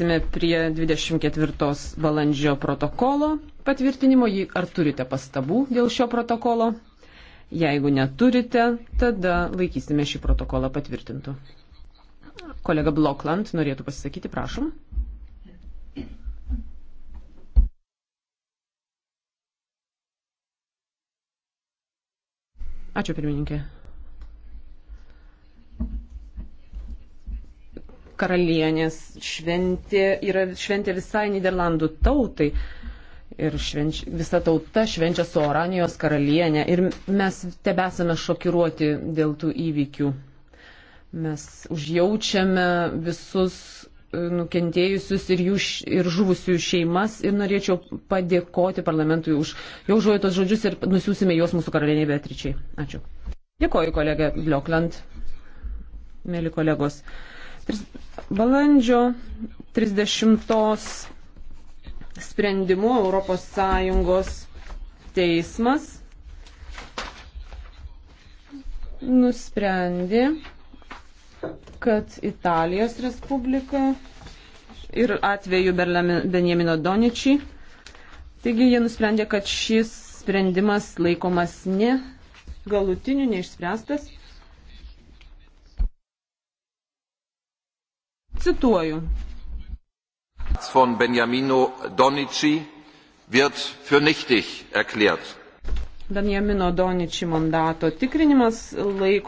Grįžsime prie 24 valandžio protokolo patvirtinimo. Ar turite pastabų dėl šio protokolo? Jeigu neturite, tada laikysime šį protokolą patvirtintų. Kolega Blokland norėtų pasisakyti, prašom. Ačiū pirmininkė. karalienės šventė yra šventė visai Niderlandų tautai. Ir švenč, visa tauta švenčia su Oranijos karalienė. Ir mes tebesame šokiruoti dėl tų įvykių. Mes užjaučiame visus e, nukentėjusius ir, jų, ir žuvusių šeimas ir norėčiau padėkoti parlamentui už jau žuojotos žodžius ir nusiusime juos mūsų karalieniai Beatričiai. Ačiū. Dėkoju, kolegė Bliokland, mėly kolegos. Balandžio 30 sprendimu ES teismas nusprendė, kad Italijos Respublika ir atveju Benjamino Doničiai. Taigi jie nusprendė, kad šis sprendimas laikomas ne galutiniu, neišspręstas. Cituoju. Von Benjamino Donici wird für nichtig erklärt. Benjamino Donici mandato tikrinimas laiko.